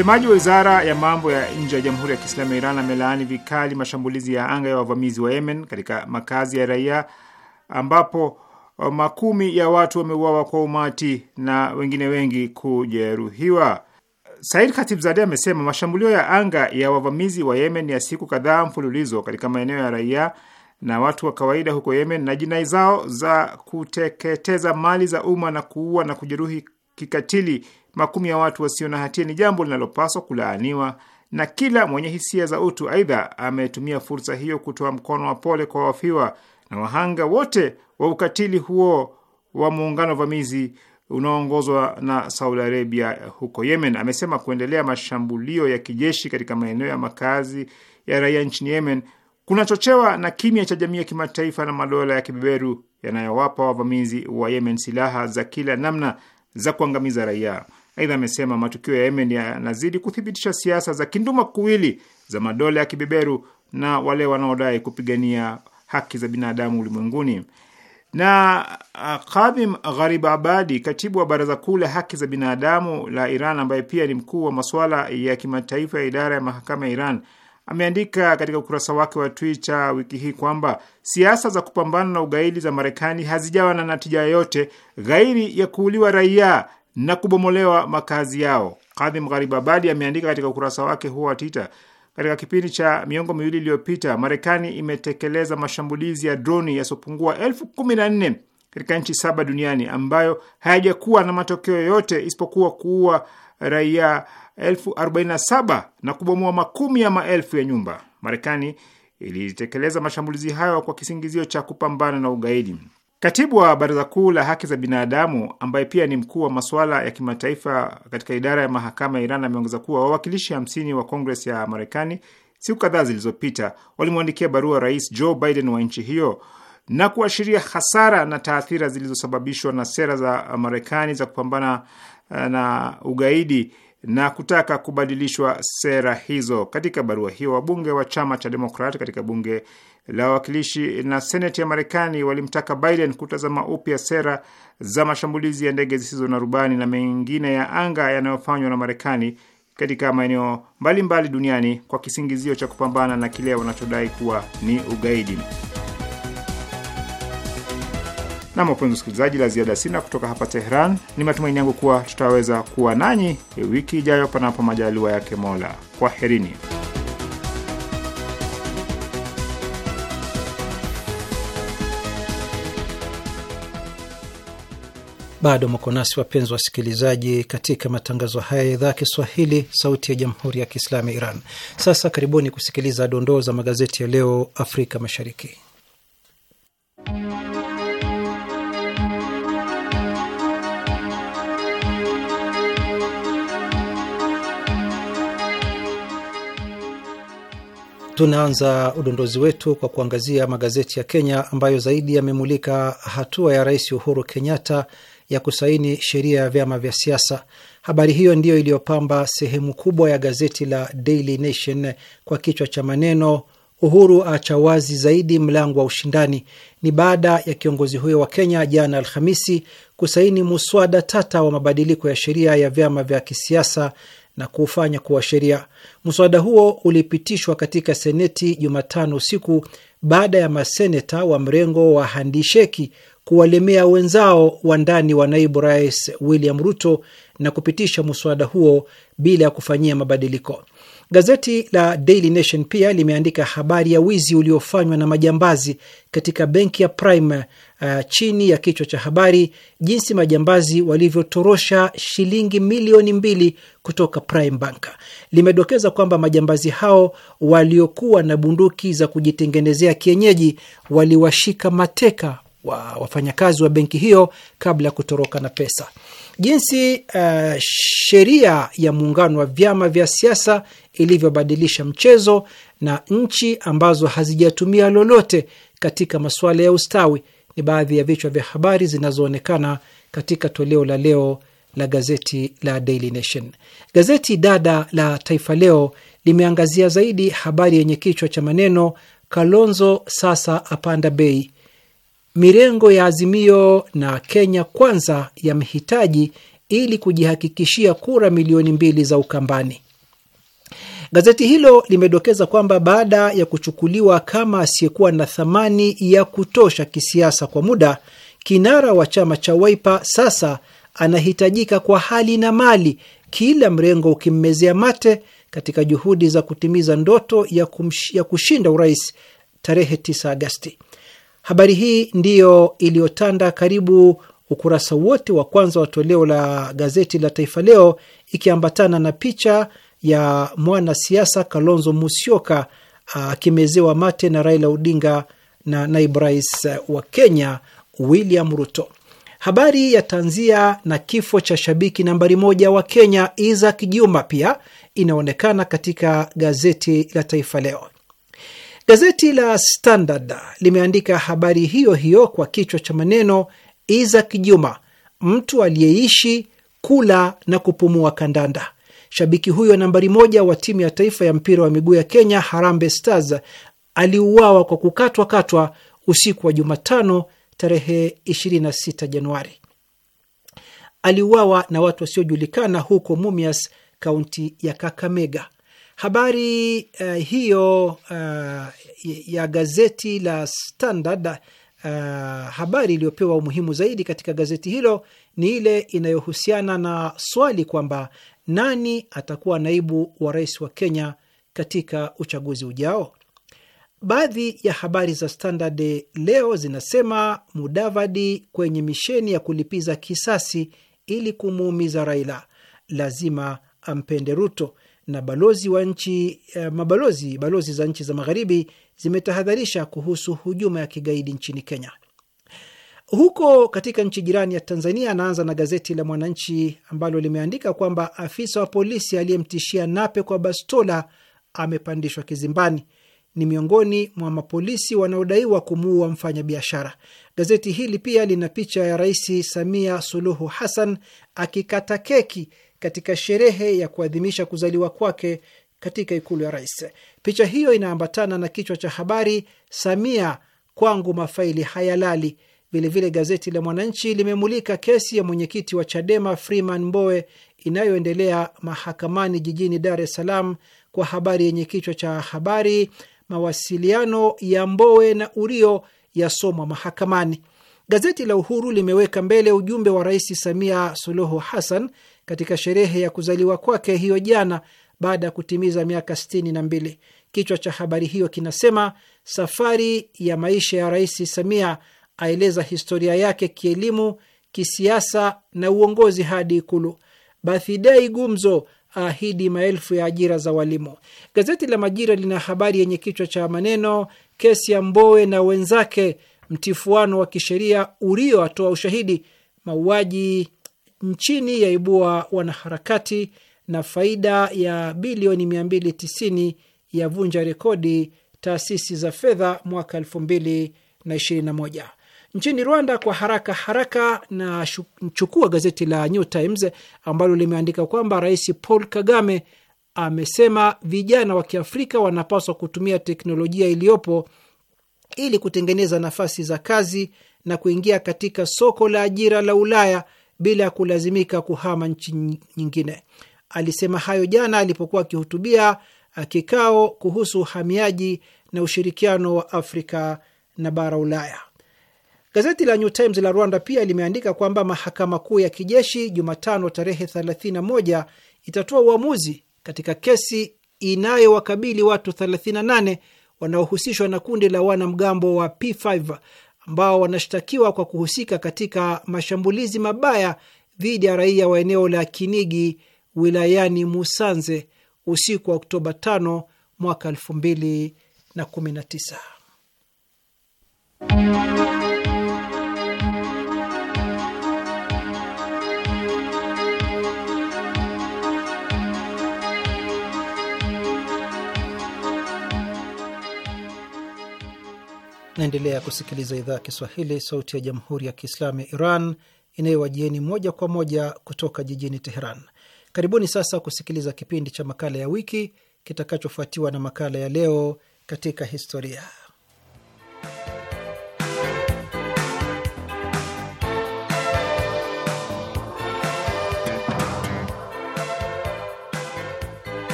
Speaker 4: Msemaji wa wizara ya mambo ya nje ya Jamhuri ya Kiislamu ya Iran amelaani vikali mashambulizi ya anga ya wavamizi wa Yemen katika makazi ya raia ambapo makumi ya watu wameuawa kwa umati na wengine wengi kujeruhiwa. Said Khatibzadeh amesema mashambulio ya anga ya wavamizi wa Yemen ya siku kadhaa mfululizo katika maeneo ya raia na watu wa kawaida huko Yemen na jinai zao za kuteketeza mali za umma na kuua na kujeruhi kikatili makumi ya watu wasio na hatia ni jambo linalopaswa kulaaniwa na kila mwenye hisia za utu. Aidha, ametumia fursa hiyo kutoa mkono wa pole kwa wafiwa na wahanga wote wa ukatili huo wa muungano vamizi unaoongozwa na Saudi Arabia huko Yemen. Amesema kuendelea mashambulio ya kijeshi katika maeneo ya makazi ya raia nchini Yemen kunachochewa na kimya cha jamii ya kimataifa na madola ya kibeberu yanayowapa wavamizi wa Yemen silaha za kila namna za kuangamiza raia. Aidha amesema matukio ya Yemen yanazidi kuthibitisha siasa za kinduma kuwili za madola ya kibeberu na wale wanaodai kupigania haki za binadamu ulimwenguni. Na uh, Kadhim abadi katibu wa baraza kuu la haki za binadamu la Iran, ambaye pia ni mkuu wa masuala ya kimataifa ya idara ya mahakama ya Iran, ameandika katika ukurasa wake wa Twitter wiki hii kwamba siasa za kupambana na ugaidi za Marekani hazijawa na natija yoyote ghairi ya kuuliwa raia na kubomolewa makazi yao. Kadhim Gharibabadi ameandika katika ukurasa wake huo wa Twitter, katika kipindi cha miongo miwili iliyopita, Marekani imetekeleza mashambulizi ya droni yasiyopungua elfu kumi na nne katika nchi saba duniani ambayo hayajakuwa na matokeo yoyote isipokuwa kuua raia elfu arobaini na saba na kubomoa makumi ya maelfu ya nyumba. Marekani ilitekeleza mashambulizi hayo kwa kisingizio cha kupambana na ugaidi. Katibu wa Baraza Kuu la Haki za Binadamu, ambaye pia ni mkuu wa masuala ya kimataifa katika idara ya mahakama ya Iran, ameongeza kuwa wawakilishi hamsini wa Kongres ya Marekani siku kadhaa zilizopita walimwandikia barua Rais Joe Biden wa nchi hiyo na kuashiria hasara na taathira zilizosababishwa na sera za Marekani za kupambana eh, na ugaidi na kutaka kubadilishwa sera hizo. Katika barua hiyo, wabunge wa chama cha Demokrat katika bunge la wawakilishi na seneti ya Marekani walimtaka Biden kutazama upya sera za mashambulizi ya ndege zisizo na rubani na mengine ya anga yanayofanywa na Marekani katika maeneo mbalimbali duniani kwa kisingizio cha kupambana na kile wanachodai kuwa ni ugaidi. Na wapenzi msikilizaji, la ziada sina kutoka hapa Tehran. Ni matumaini yangu kuwa tutaweza kuwa nanyi wiki ijayo, panapo majaliwa yake Mola. Kwaherini.
Speaker 3: Bado mko nasi wapenzi wasikilizaji, katika matangazo haya ya idhaa ya Kiswahili, sauti ya jamhuri ya kiislamu ya Iran. Sasa karibuni kusikiliza dondoo za magazeti ya leo Afrika Mashariki. Tunaanza udondozi wetu kwa kuangazia magazeti ya Kenya ambayo zaidi yamemulika hatua ya Rais Uhuru Kenyatta ya kusaini sheria ya vyama vya siasa. Habari hiyo ndiyo iliyopamba sehemu kubwa ya gazeti la Daily Nation kwa kichwa cha maneno Uhuru acha wazi zaidi mlango wa ushindani. Ni baada ya kiongozi huyo wa Kenya jana Alhamisi kusaini muswada tata wa mabadiliko ya sheria ya vyama vya kisiasa na kuufanya kuwa sheria. Mswada huo ulipitishwa katika Seneti Jumatano usiku baada ya maseneta wa mrengo wa handisheki kuwalemea wenzao wa ndani wa naibu rais William Ruto na kupitisha mswada huo bila ya kufanyia mabadiliko. Gazeti la Daily Nation pia limeandika habari ya wizi uliofanywa na majambazi katika benki ya Prime uh, chini ya kichwa cha habari jinsi majambazi walivyotorosha shilingi milioni mbili kutoka Prime Bank. Limedokeza kwamba majambazi hao waliokuwa na bunduki za kujitengenezea kienyeji waliwashika mateka wa wafanyakazi wa benki hiyo kabla ya kutoroka na pesa. Jinsi uh, sheria ya muungano wa vyama vya siasa ilivyobadilisha mchezo na nchi ambazo hazijatumia lolote katika masuala ya ustawi, ni baadhi ya vichwa vya habari zinazoonekana katika toleo la leo la gazeti la Daily Nation. Gazeti dada la Taifa Leo limeangazia zaidi habari yenye kichwa cha maneno Kalonzo sasa apanda bei, mirengo ya Azimio na Kenya Kwanza ya mhitaji ili kujihakikishia kura milioni mbili za Ukambani. Gazeti hilo limedokeza kwamba baada ya kuchukuliwa kama asiyekuwa na thamani ya kutosha kisiasa kwa muda, kinara wa chama cha waipa sasa anahitajika kwa hali na mali, kila mrengo ukimmezea mate katika juhudi za kutimiza ndoto ya, kumsh, ya kushinda urais tarehe 9 Agasti. Habari hii ndiyo iliyotanda karibu ukurasa wote wa kwanza wa toleo la gazeti la Taifa Leo, ikiambatana na picha ya mwanasiasa Kalonzo Musyoka uh, akimezewa mate na Raila Odinga na naibu rais uh, wa Kenya William Ruto. Habari ya tanzia na kifo cha shabiki nambari moja wa Kenya Isaac Juma pia inaonekana katika gazeti la Taifa Leo. Gazeti la Standard limeandika habari hiyo hiyo kwa kichwa cha maneno, Isaac Juma, mtu aliyeishi kula na kupumua kandanda. Shabiki huyo nambari moja wa timu ya taifa ya mpira wa miguu ya Kenya, Harambe Stars, aliuawa kwa kukatwa katwa usiku wa Jumatano tarehe 26 Januari. Aliuawa na watu wasiojulikana huko Mumias, kaunti ya Kakamega. Habari uh, hiyo uh, ya gazeti la Standard uh, habari iliyopewa umuhimu zaidi katika gazeti hilo ni ile inayohusiana na swali kwamba nani atakuwa naibu wa rais wa Kenya katika uchaguzi ujao? Baadhi ya habari za Standard leo zinasema Mudavadi kwenye misheni ya kulipiza kisasi ili kumuumiza Raila, lazima ampende Ruto. Na balozi wa nchi eh, mabalozi balozi za nchi za magharibi zimetahadharisha kuhusu hujuma ya kigaidi nchini Kenya. Huko katika nchi jirani ya Tanzania, anaanza na gazeti la Mwananchi ambalo limeandika kwamba afisa wa polisi aliyemtishia Nape kwa bastola amepandishwa kizimbani. Ni miongoni mwa mapolisi wanaodaiwa kumuua mfanyabiashara. Gazeti hili pia lina picha ya Rais Samia Suluhu Hassan akikata keki katika sherehe ya kuadhimisha kuzaliwa kwake katika ikulu ya rais. Picha hiyo inaambatana na kichwa cha habari, Samia kwangu mafaili hayalali Vilevile gazeti la Mwananchi limemulika kesi ya mwenyekiti wa CHADEMA Freeman Mbowe inayoendelea mahakamani jijini Dar es Salaam kwa habari yenye kichwa cha habari, mawasiliano ya Mbowe na Urio yasomwa mahakamani. Gazeti la Uhuru limeweka mbele ujumbe wa Rais Samia Suluhu Hassan katika sherehe ya kuzaliwa kwake hiyo jana baada ya kutimiza miaka sitini na mbili. Kichwa cha habari hiyo kinasema safari ya maisha ya Rais Samia aeleza historia yake kielimu, kisiasa na uongozi hadi Ikulu. Bathidei Gumzo ahidi maelfu ya ajira za walimu. Gazeti la Majira lina habari yenye kichwa cha maneno kesi ya Mbowe na wenzake, mtifuano wa kisheria Urio atoa ushahidi, mauaji nchini yaibua wanaharakati, na faida ya bilioni 290 yavunja rekodi taasisi za fedha mwaka 2021. Nchini Rwanda, kwa haraka haraka na chukua gazeti la New Times ambalo limeandika kwamba Rais Paul Kagame amesema vijana wa Kiafrika wanapaswa kutumia teknolojia iliyopo ili kutengeneza nafasi za kazi na kuingia katika soko la ajira la Ulaya bila ya kulazimika kuhama nchi nyingine. Alisema hayo jana alipokuwa akihutubia uh, kikao kuhusu uhamiaji na ushirikiano wa Afrika na bara Ulaya. Gazeti la New Times la Rwanda pia limeandika kwamba mahakama kuu ya kijeshi Jumatano tarehe 31 itatoa uamuzi katika kesi inayowakabili watu 38 wanaohusishwa na kundi la wanamgambo wa P5 ambao wanashtakiwa kwa kuhusika katika mashambulizi mabaya dhidi ya raia wa eneo la Kinigi wilayani Musanze usiku wa Oktoba 5 mwaka 2019. Naendelea kusikiliza idhaa ya Kiswahili, sauti ya jamhuri ya kiislamu ya Iran inayowajieni moja kwa moja kutoka jijini Teheran. Karibuni sasa kusikiliza kipindi cha makala ya wiki kitakachofuatiwa na makala ya leo katika historia.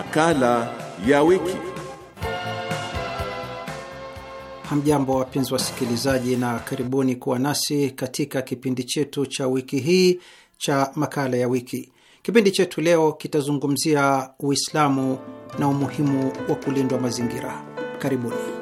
Speaker 3: Makala ya wiki. Hamjambo wapenzi wasikilizaji, na karibuni kuwa nasi katika kipindi chetu cha wiki hii cha makala ya wiki. Kipindi chetu leo kitazungumzia Uislamu na umuhimu wa kulindwa mazingira. Karibuni.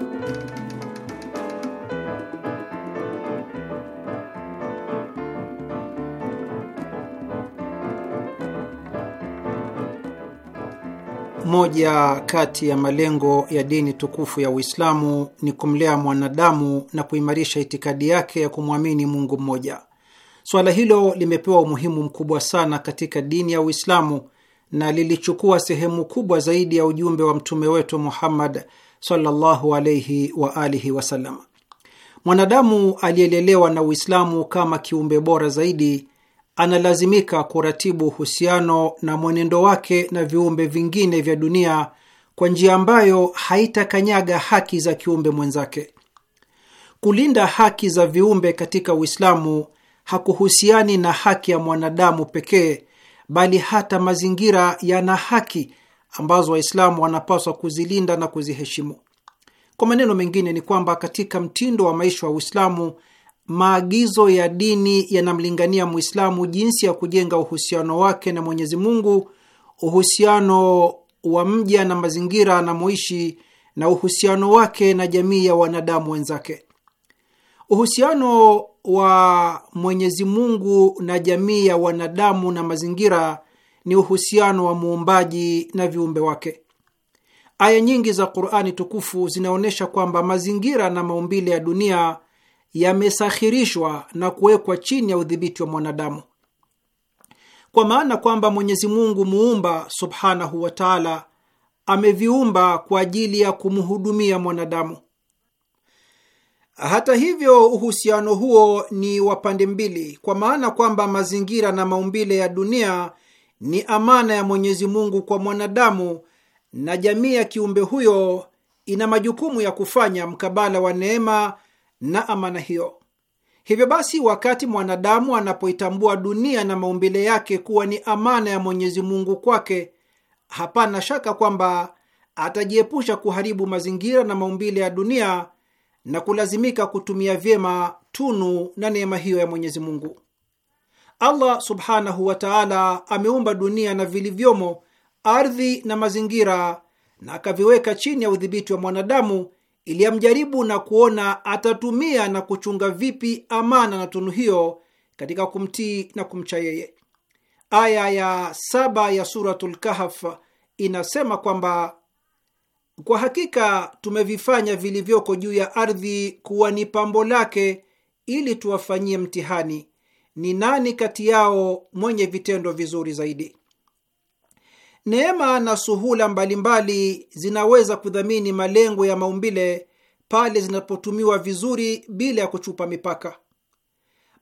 Speaker 3: Moja kati ya malengo ya dini tukufu ya Uislamu ni kumlea mwanadamu na kuimarisha itikadi yake ya kumwamini Mungu mmoja. Suala hilo limepewa umuhimu mkubwa sana katika dini ya Uislamu na lilichukua sehemu kubwa zaidi ya ujumbe wa mtume wetu Muhammad sallallahu alayhi wa alihi wasallam. Mwanadamu aliyelelewa na Uislamu kama kiumbe bora zaidi analazimika kuratibu uhusiano na mwenendo wake na viumbe vingine vya dunia kwa njia ambayo haitakanyaga haki za kiumbe mwenzake. Kulinda haki za viumbe katika Uislamu hakuhusiani na haki ya mwanadamu pekee, bali hata mazingira yana haki ambazo Waislamu wanapaswa kuzilinda na kuziheshimu. Kwa maneno mengine, ni kwamba katika mtindo wa maisha wa Uislamu maagizo ya dini yanamlingania Mwislamu jinsi ya kujenga uhusiano wake na Mwenyezi Mungu, uhusiano wa mja na mazingira anamoishi na uhusiano wake na jamii ya wanadamu wenzake. Uhusiano wa Mwenyezi Mungu na jamii ya wanadamu na mazingira ni uhusiano wa muumbaji na viumbe wake. Aya nyingi za Qur'ani tukufu zinaonyesha kwamba mazingira na maumbile ya dunia yamesakhirishwa na kuwekwa chini ya udhibiti wa mwanadamu, kwa maana kwamba Mwenyezi Mungu muumba subhanahu wa taala ameviumba kwa ajili ya kumhudumia mwanadamu. Hata hivyo, uhusiano huo ni wa pande mbili, kwa maana kwamba mazingira na maumbile ya dunia ni amana ya Mwenyezi Mungu kwa mwanadamu, na jamii ya kiumbe huyo ina majukumu ya kufanya mkabala wa neema na amana hiyo. Hivyo basi, wakati mwanadamu anapoitambua dunia na maumbile yake kuwa ni amana ya Mwenyezi Mungu kwake, hapana shaka kwamba atajiepusha kuharibu mazingira na maumbile ya dunia na kulazimika kutumia vyema tunu na neema hiyo ya Mwenyezi Mungu. Allah subhanahu wa taala ameumba dunia na vilivyomo, ardhi na mazingira, na akaviweka chini ya udhibiti wa mwanadamu ili amjaribu na kuona atatumia na kuchunga vipi amana na tunu hiyo katika kumtii na kumcha yeye. Aya ya saba ya Suratul Kahf inasema kwamba kwa hakika tumevifanya vilivyoko juu ya ardhi kuwa ni pambo lake ili tuwafanyie mtihani, ni nani kati yao mwenye vitendo vizuri zaidi. Neema na suhula mbalimbali zinaweza kudhamini malengo ya maumbile pale zinapotumiwa vizuri bila ya kuchupa mipaka.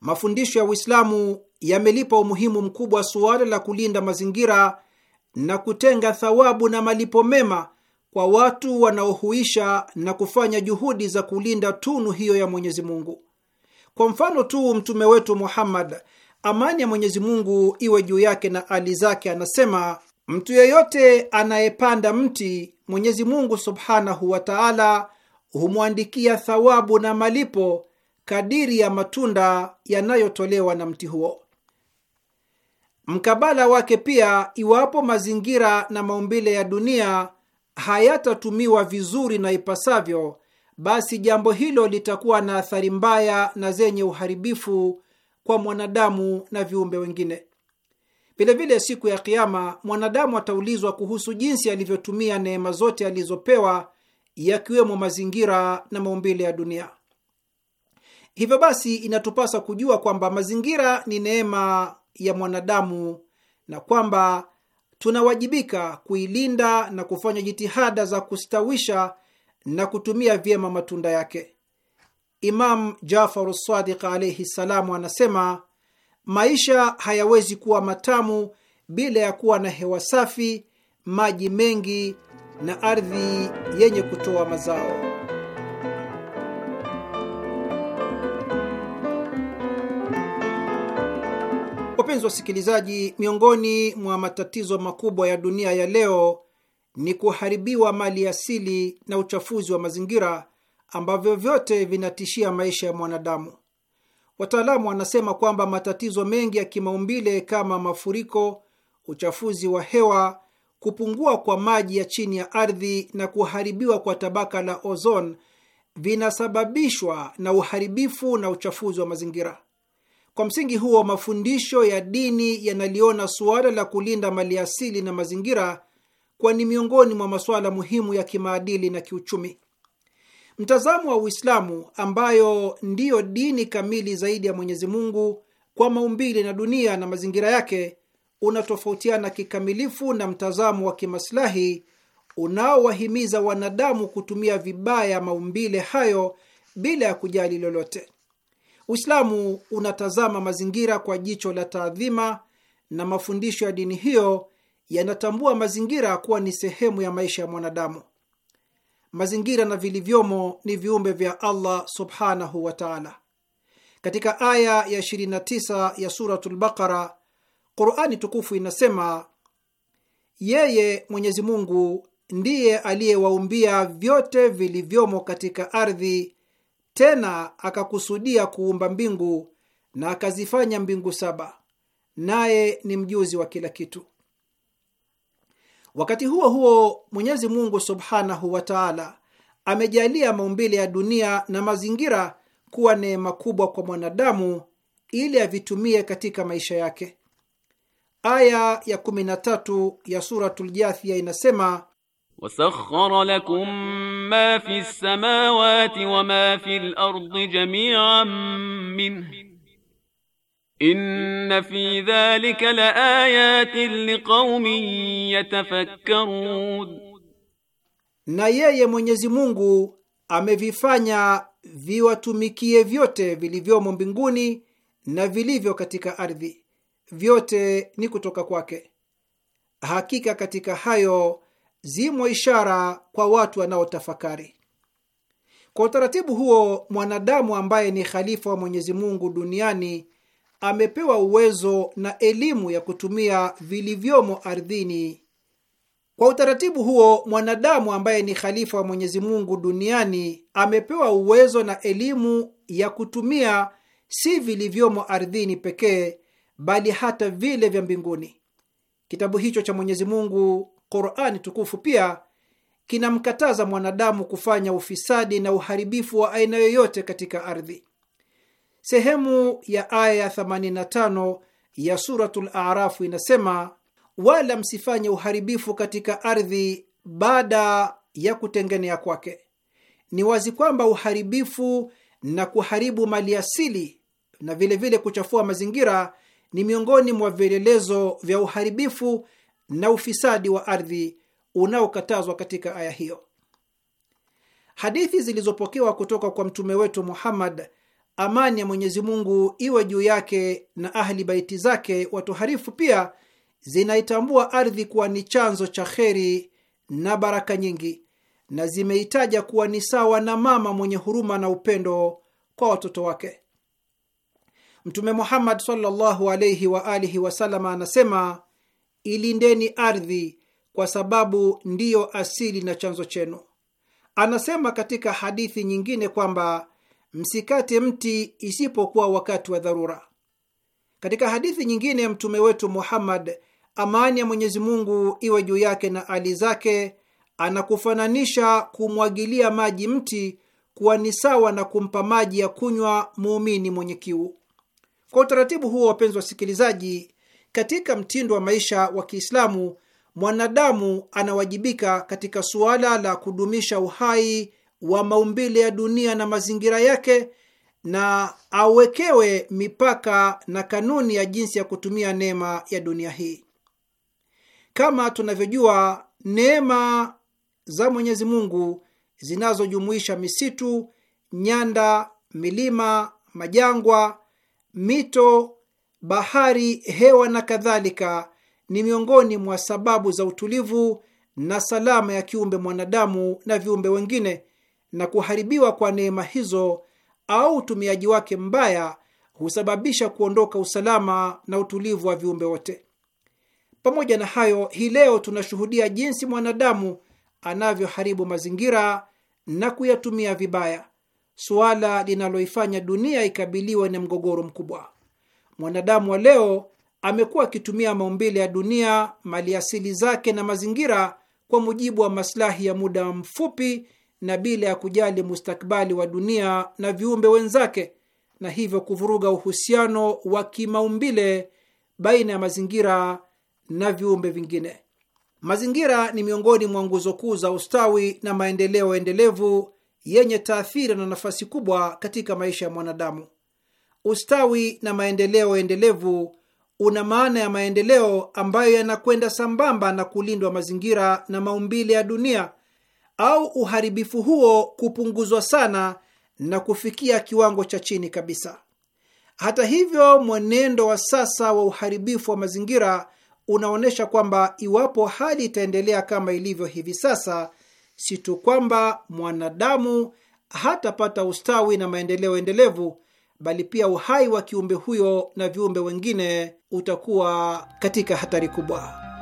Speaker 3: Mafundisho ya Uislamu yamelipa umuhimu mkubwa suala la kulinda mazingira na kutenga thawabu na malipo mema kwa watu wanaohuisha na kufanya juhudi za kulinda tunu hiyo ya Mwenyezi Mungu. Kwa mfano tu, mtume wetu Muhammad, amani ya Mwenyezi Mungu iwe juu yake na ali zake, anasema Mtu yeyote anayepanda mti Mwenyezi Mungu subhanahu wa taala humwandikia thawabu na malipo kadiri ya matunda yanayotolewa na mti huo. Mkabala wake pia, iwapo mazingira na maumbile ya dunia hayatatumiwa vizuri na ipasavyo, basi jambo hilo litakuwa na athari mbaya na zenye uharibifu kwa mwanadamu na viumbe wengine. Vilevile siku ya Kiama mwanadamu ataulizwa kuhusu jinsi alivyotumia neema zote alizopewa, yakiwemo mazingira na maumbile ya dunia. Hivyo basi, inatupasa kujua kwamba mazingira ni neema ya mwanadamu na kwamba tunawajibika kuilinda na kufanya jitihada za kustawisha na kutumia vyema matunda yake. Imam Jafar Sadiq alaihi ssalamu anasema Maisha hayawezi kuwa matamu bila ya kuwa na hewa safi, maji mengi na ardhi yenye kutoa mazao. Wapenzi wasikilizaji, miongoni mwa matatizo makubwa ya dunia ya leo ni kuharibiwa mali asili na uchafuzi wa mazingira ambavyo vyote vinatishia maisha ya mwanadamu. Wataalamu wanasema kwamba matatizo mengi ya kimaumbile kama mafuriko, uchafuzi wa hewa, kupungua kwa maji ya chini ya ardhi na kuharibiwa kwa tabaka la ozon vinasababishwa na uharibifu na uchafuzi wa mazingira. Kwa msingi huo, mafundisho ya dini yanaliona suala la kulinda maliasili na mazingira kuwa ni miongoni mwa masuala muhimu ya kimaadili na kiuchumi. Mtazamo wa Uislamu, ambayo ndiyo dini kamili zaidi ya Mwenyezi Mungu kwa maumbile na dunia na mazingira yake, unatofautiana kikamilifu na mtazamo wa kimaslahi unaowahimiza wanadamu kutumia vibaya maumbile hayo bila ya kujali lolote. Uislamu unatazama mazingira kwa jicho la taadhima, na mafundisho ya dini hiyo yanatambua mazingira kuwa ni sehemu ya maisha ya mwanadamu mazingira na vilivyomo ni viumbe vya Allah subhanahu wa taala. Katika aya ya 29 ya Suratul Baqara, Qurani tukufu inasema, yeye Mwenyezi Mungu ndiye aliyewaumbia vyote vilivyomo katika ardhi, tena akakusudia kuumba mbingu na akazifanya mbingu saba, naye ni mjuzi wa kila kitu. Wakati huo huo, Mwenyezi Mungu subhanahu wa taala amejalia maumbile ya dunia na mazingira kuwa neema kubwa kwa mwanadamu ili avitumie katika maisha yake. Aya ya 13 ya Suratul Jathia inasema
Speaker 1: wasakhara lakum ma fi samawati wa ma fi lardi jami'an minhu Inna fi dhalika laayatin liqaumin yatafakkarun,
Speaker 3: na yeye Mwenyezi Mungu amevifanya viwatumikie vyote vilivyomo mbinguni na vilivyo katika ardhi, vyote ni kutoka kwake. Hakika katika hayo zimo ishara kwa watu wanaotafakari. Kwa utaratibu huo, mwanadamu ambaye ni khalifa wa Mwenyezi Mungu duniani amepewa uwezo na elimu ya kutumia vilivyomo ardhini. Kwa utaratibu huo, mwanadamu ambaye ni khalifa wa Mwenyezi Mungu duniani amepewa uwezo na elimu ya kutumia si vilivyomo ardhini pekee, bali hata vile vya mbinguni. Kitabu hicho cha Mwenyezi Mungu, Qurani tukufu, pia kinamkataza mwanadamu kufanya ufisadi na uharibifu wa aina yoyote katika ardhi. Sehemu ya aya 85 ya Suratul Arafu inasema, wala msifanye uharibifu katika ardhi baada ya kutengenea kwake. Ni wazi kwamba uharibifu na kuharibu mali asili na vilevile vile kuchafua mazingira ni miongoni mwa vielelezo vya uharibifu na ufisadi wa ardhi unaokatazwa katika aya hiyo. Hadithi zilizopokewa kutoka kwa mtume wetu Muhammad amani ya Mwenyezi Mungu iwe juu yake na ahli baiti zake watoharifu, pia zinaitambua ardhi kuwa ni chanzo cha kheri na baraka nyingi, na zimeitaja kuwa ni sawa na mama mwenye huruma na upendo kwa watoto wake. Mtume Muhammad sallallahu alayhi wa alihi wasalama anasema, ilindeni ardhi kwa sababu ndiyo asili na chanzo chenu. Anasema katika hadithi nyingine kwamba msikate mti isipokuwa wakati wa dharura. Katika hadithi nyingine, mtume wetu Muhammad, amani ya Mwenyezi Mungu iwe juu yake na ali zake, anakufananisha kumwagilia maji mti kuwa ni sawa na kumpa maji ya kunywa muumini mwenye kiu. Kwa utaratibu huo, wapenzi wasikilizaji, katika mtindo wa maisha wa Kiislamu mwanadamu anawajibika katika suala la kudumisha uhai wa maumbile ya dunia na mazingira yake na awekewe mipaka na kanuni ya jinsi ya kutumia neema ya dunia hii. Kama tunavyojua, neema za Mwenyezi Mungu zinazojumuisha misitu, nyanda, milima, majangwa, mito, bahari, hewa na kadhalika ni miongoni mwa sababu za utulivu na salama ya kiumbe mwanadamu na viumbe wengine na kuharibiwa kwa neema hizo au utumiaji wake mbaya husababisha kuondoka usalama na utulivu wa viumbe wote. Pamoja na hayo, hii leo tunashuhudia jinsi mwanadamu anavyoharibu mazingira na kuyatumia vibaya, suala linaloifanya dunia ikabiliwe na mgogoro mkubwa. Mwanadamu wa leo amekuwa akitumia maumbile ya dunia, maliasili zake na mazingira kwa mujibu wa maslahi ya muda mfupi na bila ya kujali mustakbali wa dunia na viumbe wenzake, na hivyo kuvuruga uhusiano wa kimaumbile baina ya mazingira na viumbe vingine. Mazingira ni miongoni mwa nguzo kuu za ustawi na maendeleo endelevu yenye taathiri na nafasi kubwa katika maisha ya mwanadamu. Ustawi na maendeleo endelevu una maana ya maendeleo ambayo yanakwenda sambamba na kulindwa mazingira na maumbile ya dunia au uharibifu huo kupunguzwa sana na kufikia kiwango cha chini kabisa. Hata hivyo, mwenendo wa sasa wa uharibifu wa mazingira unaonyesha kwamba iwapo hali itaendelea kama ilivyo hivi sasa, si tu kwamba mwanadamu hatapata ustawi na maendeleo endelevu, bali pia uhai wa kiumbe huyo na viumbe wengine utakuwa katika hatari kubwa.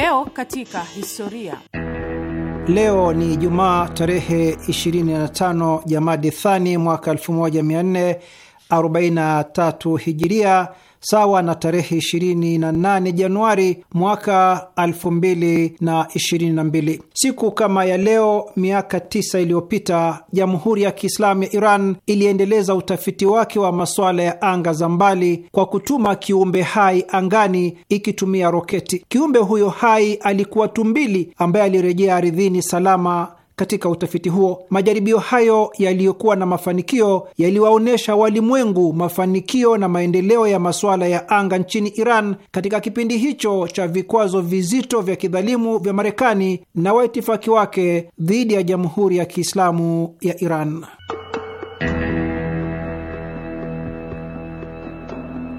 Speaker 1: Leo katika historia.
Speaker 3: Leo ni jumaa tarehe 25 Jamadi Thani mwaka 1443 Hijiria, sawa na tarehe 28 Januari mwaka 2022. Siku kama ya leo miaka tisa iliyopita Jamhuri ya Kiislamu ya Iran iliendeleza utafiti wake wa masuala ya anga za mbali kwa kutuma kiumbe hai angani ikitumia roketi. Kiumbe huyo hai alikuwa tumbili ambaye alirejea ardhini salama katika utafiti huo. Majaribio hayo yaliyokuwa na mafanikio yaliwaonyesha walimwengu mafanikio na maendeleo ya masuala ya anga nchini Iran katika kipindi hicho cha vikwazo vizito vya kidhalimu vya Marekani na waitifaki wake dhidi ya Jamhuri ya Kiislamu ya Iran.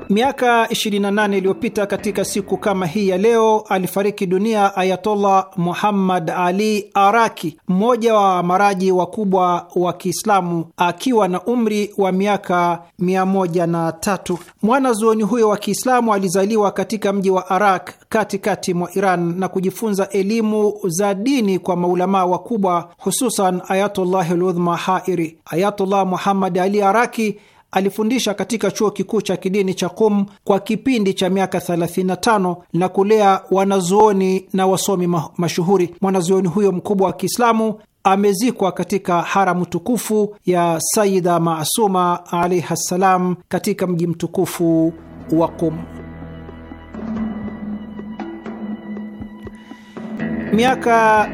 Speaker 3: Miaka 28 iliyopita katika siku kama hii ya leo alifariki dunia Ayatollah Muhammad Ali Araki, mmoja wa maraji wakubwa wa Kiislamu akiwa na umri wa miaka 103. Mwanazuoni huyo wa Kiislamu alizaliwa katika mji wa Arak katikati mwa Iran na kujifunza elimu za dini kwa maulamaa wakubwa, hususan Ayatullahi Ludhma Hairi. Ayatullah Muhammad Ali Araki alifundisha katika chuo kikuu cha kidini cha Qum kwa kipindi cha miaka 35 na kulea wanazuoni na wasomi mashuhuri. Mwanazuoni huyo mkubwa wa Kiislamu amezikwa katika haramu tukufu ya Sayida Maasuma alaihi ssalam katika mji mtukufu wa Qum. Miaka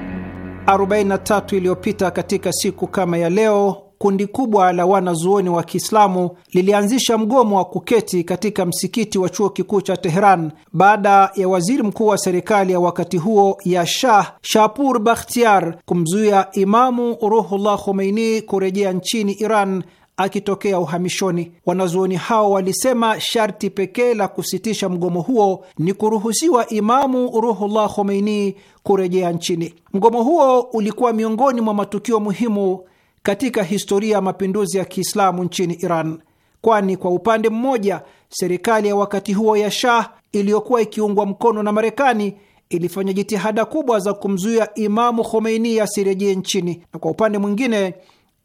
Speaker 3: 43 iliyopita katika siku kama ya leo kundi kubwa la wanazuoni wa Kiislamu lilianzisha mgomo wa kuketi katika msikiti wa chuo kikuu cha Teheran baada ya waziri mkuu wa serikali ya wakati huo ya Shah Shapur Bakhtiar kumzuia Imamu Ruhullah Khomeini kurejea nchini Iran akitokea uhamishoni. Wanazuoni hao walisema sharti pekee la kusitisha mgomo huo ni kuruhusiwa Imamu Ruhullah Khomeini kurejea nchini. Mgomo huo ulikuwa miongoni mwa matukio muhimu katika historia ya mapinduzi ya Kiislamu nchini Iran, kwani kwa upande mmoja serikali ya wakati huo ya Shah iliyokuwa ikiungwa mkono na Marekani ilifanya jitihada kubwa za kumzuia Imamu Khomeini asirejee nchini, na kwa upande mwingine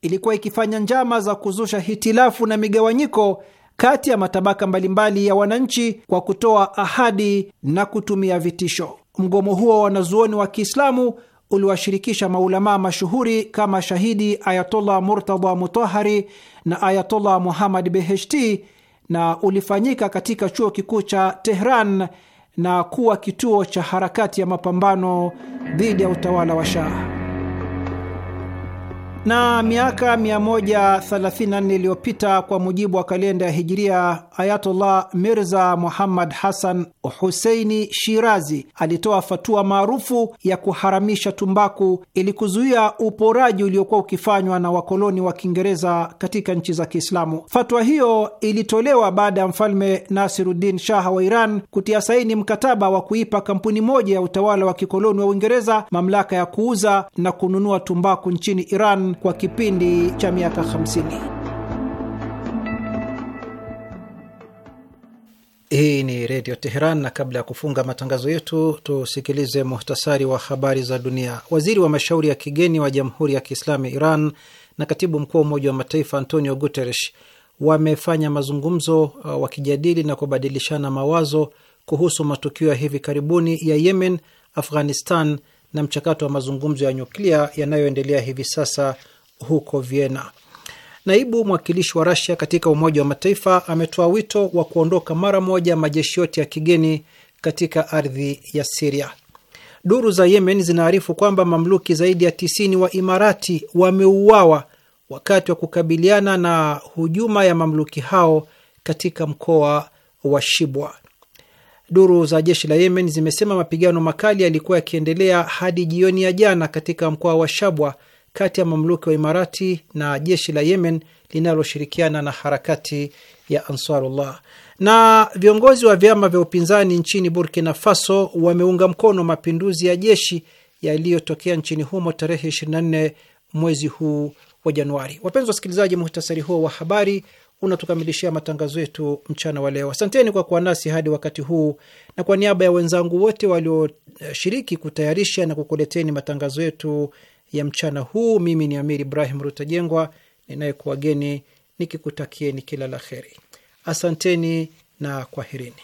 Speaker 3: ilikuwa ikifanya njama za kuzusha hitilafu na migawanyiko kati ya matabaka mbalimbali ya wananchi kwa kutoa ahadi na kutumia vitisho. Mgomo huo wa wanazuoni wa Kiislamu uliwashirikisha maulamaa mashuhuri kama shahidi Ayatollah Murtadha Mutahari na Ayatollah Muhammad Beheshti na ulifanyika katika chuo kikuu cha Tehran na kuwa kituo cha harakati ya mapambano dhidi ya utawala wa shaha na miaka 134 iliyopita kwa mujibu wa kalenda ya Hijiria, Ayatollah Mirza Muhammad Hassan Huseini Shirazi alitoa fatua maarufu ya kuharamisha tumbaku ili kuzuia uporaji uliokuwa ukifanywa na wakoloni wa Kiingereza katika nchi za Kiislamu. Fatwa hiyo ilitolewa baada ya Mfalme Nasiruddin Shah wa Iran kutia saini mkataba wa kuipa kampuni moja ya utawala wa kikoloni wa Uingereza mamlaka ya kuuza na kununua tumbaku nchini Iran kwa kipindi cha miaka 50. Hii ni Redio Teheran, na kabla ya kufunga matangazo yetu tusikilize muhtasari wa habari za dunia. Waziri wa mashauri ya kigeni wa Jamhuri ya Kiislamu ya Iran na katibu mkuu wa Umoja wa Mataifa Antonio Guterres wamefanya mazungumzo uh, wakijadili na kubadilishana mawazo kuhusu matukio ya hivi karibuni ya Yemen, Afghanistan na mchakato wa mazungumzo ya nyuklia yanayoendelea hivi sasa huko Vienna. Naibu mwakilishi wa Rasia katika Umoja wa Mataifa ametoa wito wa kuondoka mara moja majeshi yote ya kigeni katika ardhi ya Siria. Duru za Yemen zinaarifu kwamba mamluki zaidi ya tisini wa Imarati wameuawa wakati wa kukabiliana na hujuma ya mamluki hao katika mkoa wa Shibwa. Duru za jeshi la Yemen zimesema mapigano makali yalikuwa yakiendelea hadi jioni ya jana katika mkoa wa Shabwa kati ya mamluki wa Imarati na jeshi la Yemen linaloshirikiana na harakati ya Ansarullah. Na viongozi wa vyama vya upinzani nchini Burkina Faso wameunga mkono mapinduzi ya jeshi yaliyotokea nchini humo tarehe 24 mwezi huu wa Januari. Wapenzi wasikilizaji, muhtasari huo wa habari unatukamilishia matangazo yetu mchana wa leo. Asanteni kwa kuwa nasi hadi wakati huu, na kwa niaba ya wenzangu wote walioshiriki kutayarisha na kukuleteni matangazo yetu ya mchana huu, mimi ni Amiri Ibrahim Rutajengwa ninayekuwageni nikikutakieni kila la heri. Asanteni na kwaherini.